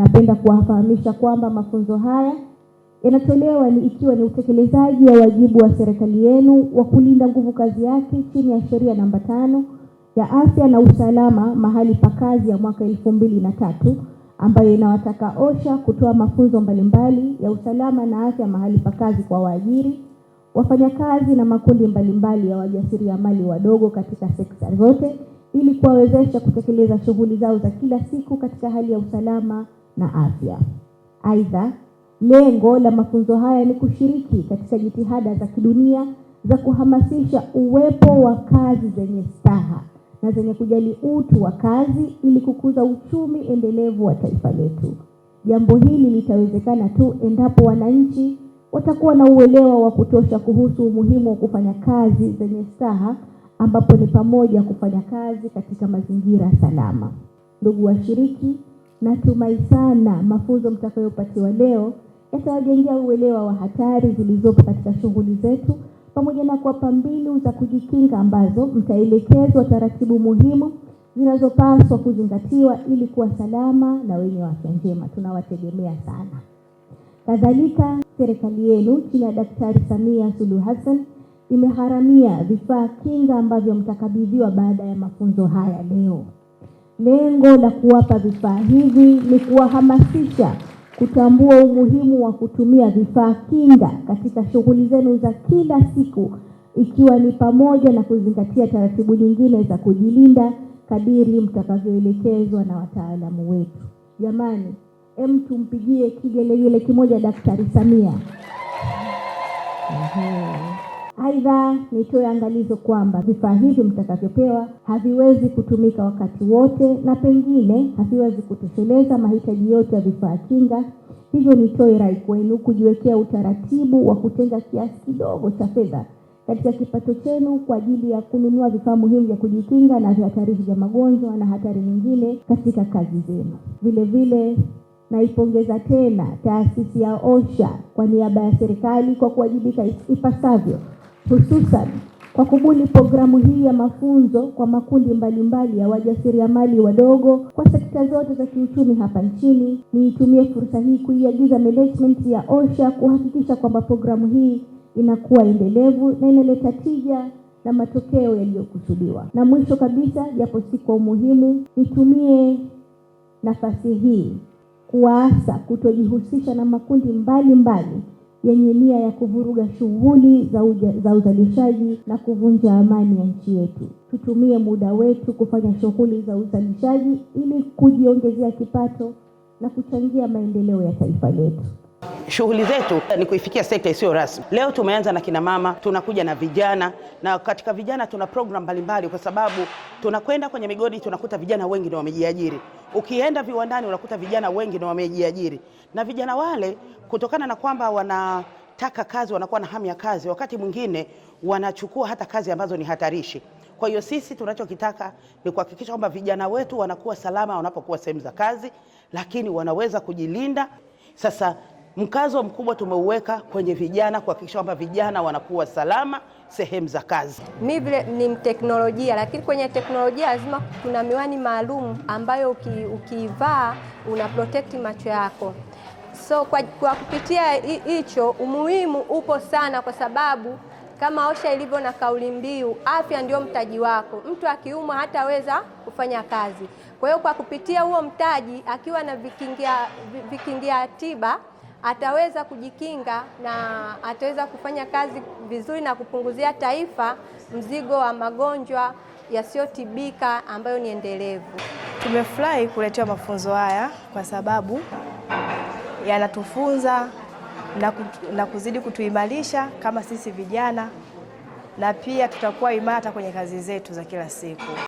Napenda kuwafahamisha kwamba mafunzo haya yanatolewa ni ikiwa ni utekelezaji wa wajibu wa serikali yenu wa kulinda nguvu kazi yake chini ya sheria namba tano ya afya na usalama mahali pa kazi ya mwaka elfu mbili na tatu ambayo inawataka OSHA kutoa mafunzo mbalimbali ya usalama na afya mahali pa kazi kwa waajiri, wafanyakazi na makundi mbalimbali ya wajasiriamali wadogo katika sekta zote ili kuwawezesha kutekeleza shughuli zao za kila siku katika hali ya usalama na afya. Aidha, lengo la mafunzo haya ni kushiriki katika jitihada za kidunia za kuhamasisha uwepo wa kazi zenye staha na zenye kujali utu wa kazi ili kukuza uchumi endelevu wa taifa letu. Jambo hili litawezekana tu endapo wananchi watakuwa na uelewa wa kutosha kuhusu umuhimu wa kufanya kazi zenye staha, ambapo ni pamoja kufanya kazi katika mazingira salama. Ndugu washiriki, Natumai sana mafunzo mtakayopatiwa leo yatawajengea uelewa wa hatari zilizopo katika shughuli zetu pamoja na kuwapa mbinu za kujikinga ambazo mtaelekezwa taratibu muhimu zinazopaswa kuzingatiwa ili kuwa salama na wenye afya njema. Tunawategemea sana. Kadhalika, serikali yenu chini ya Daktari Samia Suluhu Hassan imeharamia vifaa kinga ambavyo mtakabidhiwa baada ya mafunzo haya leo. Lengo la kuwapa vifaa hivi ni kuwahamasisha kutambua umuhimu wa kutumia vifaa kinga katika shughuli zenu za kila siku, ikiwa ni pamoja na kuzingatia taratibu nyingine za kujilinda kadiri mtakavyoelekezwa na wataalamu wetu. Jamani, em, tumpigie kigelegele kimoja Daktari Samia. Aidha, nitoe angalizo kwamba vifaa hivi mtakavyopewa haviwezi kutumika wakati wote na pengine haviwezi kutosheleza mahitaji yote ya vifaa kinga. Hivyo nitoe rai kwenu kujiwekea utaratibu wa kutenga kiasi kidogo cha fedha katika kipato chenu kwa ajili ya kununua vifaa muhimu vya kujikinga na vihatarishi vya magonjwa na hatari nyingine katika kazi zenu. Vilevile naipongeza tena taasisi ya OSHA kwa niaba ya serikali kwa kuwajibika ipasavyo hususan kwa kubuni programu hii ya mafunzo kwa makundi mbalimbali ya wajasiriamali wadogo kwa sekta zote za kiuchumi hapa nchini. Niitumie fursa hii kuiagiza management ya OSHA kuhakikisha kwamba programu hii inakuwa endelevu na inaleta tija na matokeo yaliyokusudiwa. Na mwisho kabisa, japo si kwa umuhimu, nitumie nafasi hii kuwaasa kutojihusisha na makundi mbalimbali mbali yenye nia ya kuvuruga shughuli za, za uzalishaji na kuvunja amani ya nchi yetu. Tutumie muda wetu kufanya shughuli za uzalishaji ili kujiongezea kipato na kuchangia maendeleo ya taifa letu shughuli zetu ni kuifikia sekta isiyo rasmi. Leo tumeanza na kinamama, tunakuja na vijana, na katika vijana tuna program mbalimbali, kwa sababu tunakwenda kwenye migodi, tunakuta vijana wengi ndio wamejiajiri. Ukienda viwandani, unakuta vijana wengi ndio wamejiajiri, na vijana wale kutokana na kwamba wana taka kazi wanakuwa na hamu ya kazi, wakati mwingine wanachukua hata kazi ambazo ni hatarishi. Kwa hiyo sisi tunachokitaka ni kuhakikisha kwamba vijana wetu wanakuwa salama wanapokuwa sehemu za kazi, lakini wanaweza kujilinda. Sasa Mkazo mkubwa tumeuweka kwenye vijana kuhakikisha kwamba vijana wanakuwa salama sehemu za kazi. Mimi vile ni mteknolojia, lakini kwenye teknolojia lazima kuna miwani maalum ambayo ukiivaa una protect macho yako. So kwa, kwa kupitia hicho umuhimu upo sana, kwa sababu kama OSHA ilivyo na kauli mbiu, afya ndio mtaji wako, mtu akiumwa hataweza kufanya kazi. Kwa hiyo kwa kupitia huo mtaji akiwa na vikingia, vikingia tiba ataweza kujikinga na ataweza kufanya kazi vizuri na kupunguzia taifa mzigo wa magonjwa yasiyotibika ambayo ni endelevu. Tumefurahi kuletewa mafunzo haya kwa sababu yanatufunza na kuzidi kutuimarisha kama sisi vijana, na pia tutakuwa imara kwenye kazi zetu za kila siku.